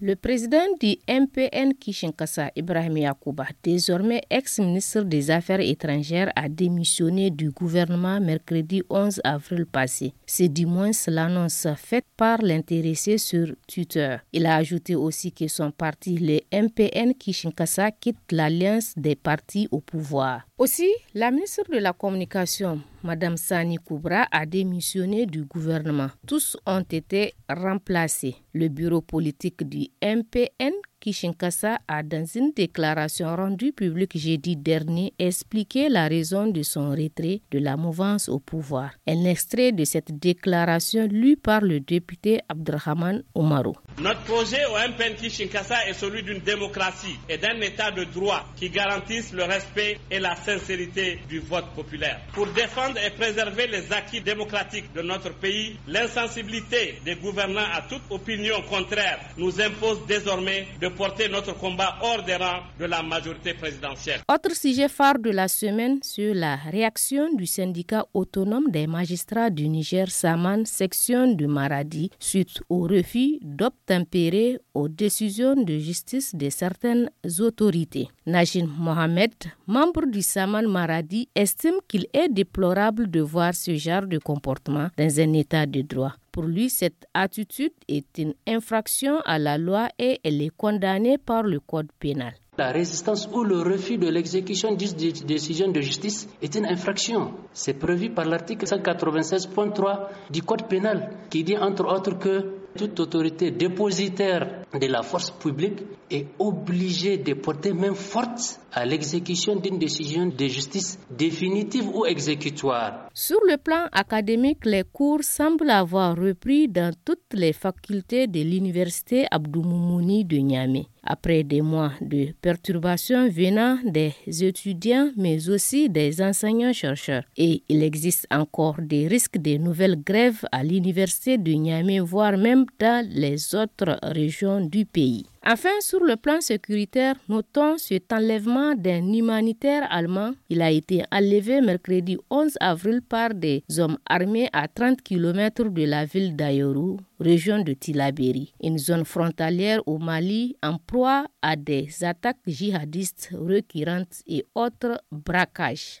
Le président du MPN Kishinkasa, Ibrahim Yakuba, désormais ex-ministre des Affaires étrangères, a démissionné du gouvernement mercredi 11 avril passé. C'est du moins l'annonce faite par l'intéressé sur Twitter. Il a ajouté aussi que son parti, le MPN Kishinkasa, quitte l'alliance des partis au pouvoir. Aussi, la ministre de la Communication, Madame Sani Koubra a démissionné du gouvernement. Tous ont été remplacés. Le bureau politique du MPN Kishinkasa a, dans une déclaration rendue publique jeudi dernier, expliqué la raison de son retrait de la mouvance au pouvoir. Un extrait de cette déclaration lu par le député Abdrahman Omaru. Notre projet au Kishinkasa est celui d'une démocratie et d'un état de droit qui garantissent le respect et la sincérité du vote populaire. Pour défendre et préserver les acquis démocratiques de notre pays, l'insensibilité des gouvernants à toute opinion contraire nous impose désormais de porter notre combat hors des rangs de la majorité présidentielle. Autre sujet phare de la semaine sur la réaction du syndicat autonome des magistrats du Niger Saman, section de Maradi, suite au refus d'obtempérer aux décisions de justice de certaines autorités. Najin Mohamed, membre du Saman Maradi, estime qu'il est déplorable de voir ce genre de comportement dans un état de droit. Pour lui, cette attitude est une infraction à la loi et elle est condamnée par le Code pénal. La résistance ou le refus de l'exécution d'une décision de justice est une infraction. C'est prévu par l'article 196.3 du Code pénal qui dit entre autres que toute autorité dépositaire de la force publique est obligé de porter main forte à l'exécution d'une décision de justice définitive ou exécutoire. Sur le plan académique, les cours semblent avoir repris dans toutes les facultés de l'université Abdou de Niamey. Après des mois de perturbations venant des étudiants, mais aussi des enseignants-chercheurs. Et il existe encore des risques de nouvelles grèves à l'université de Niamey, voire même dans les autres régions du pays. Enfin, sur le plan sécuritaire, notons cet enlèvement d'un humanitaire allemand. Il a été enlevé mercredi 11 avril par des hommes armés à 30 km de la ville d'Ayoru, région de Tilaberi, une zone frontalière au Mali en proie à des attaques jihadistes récurrentes et autres braquages.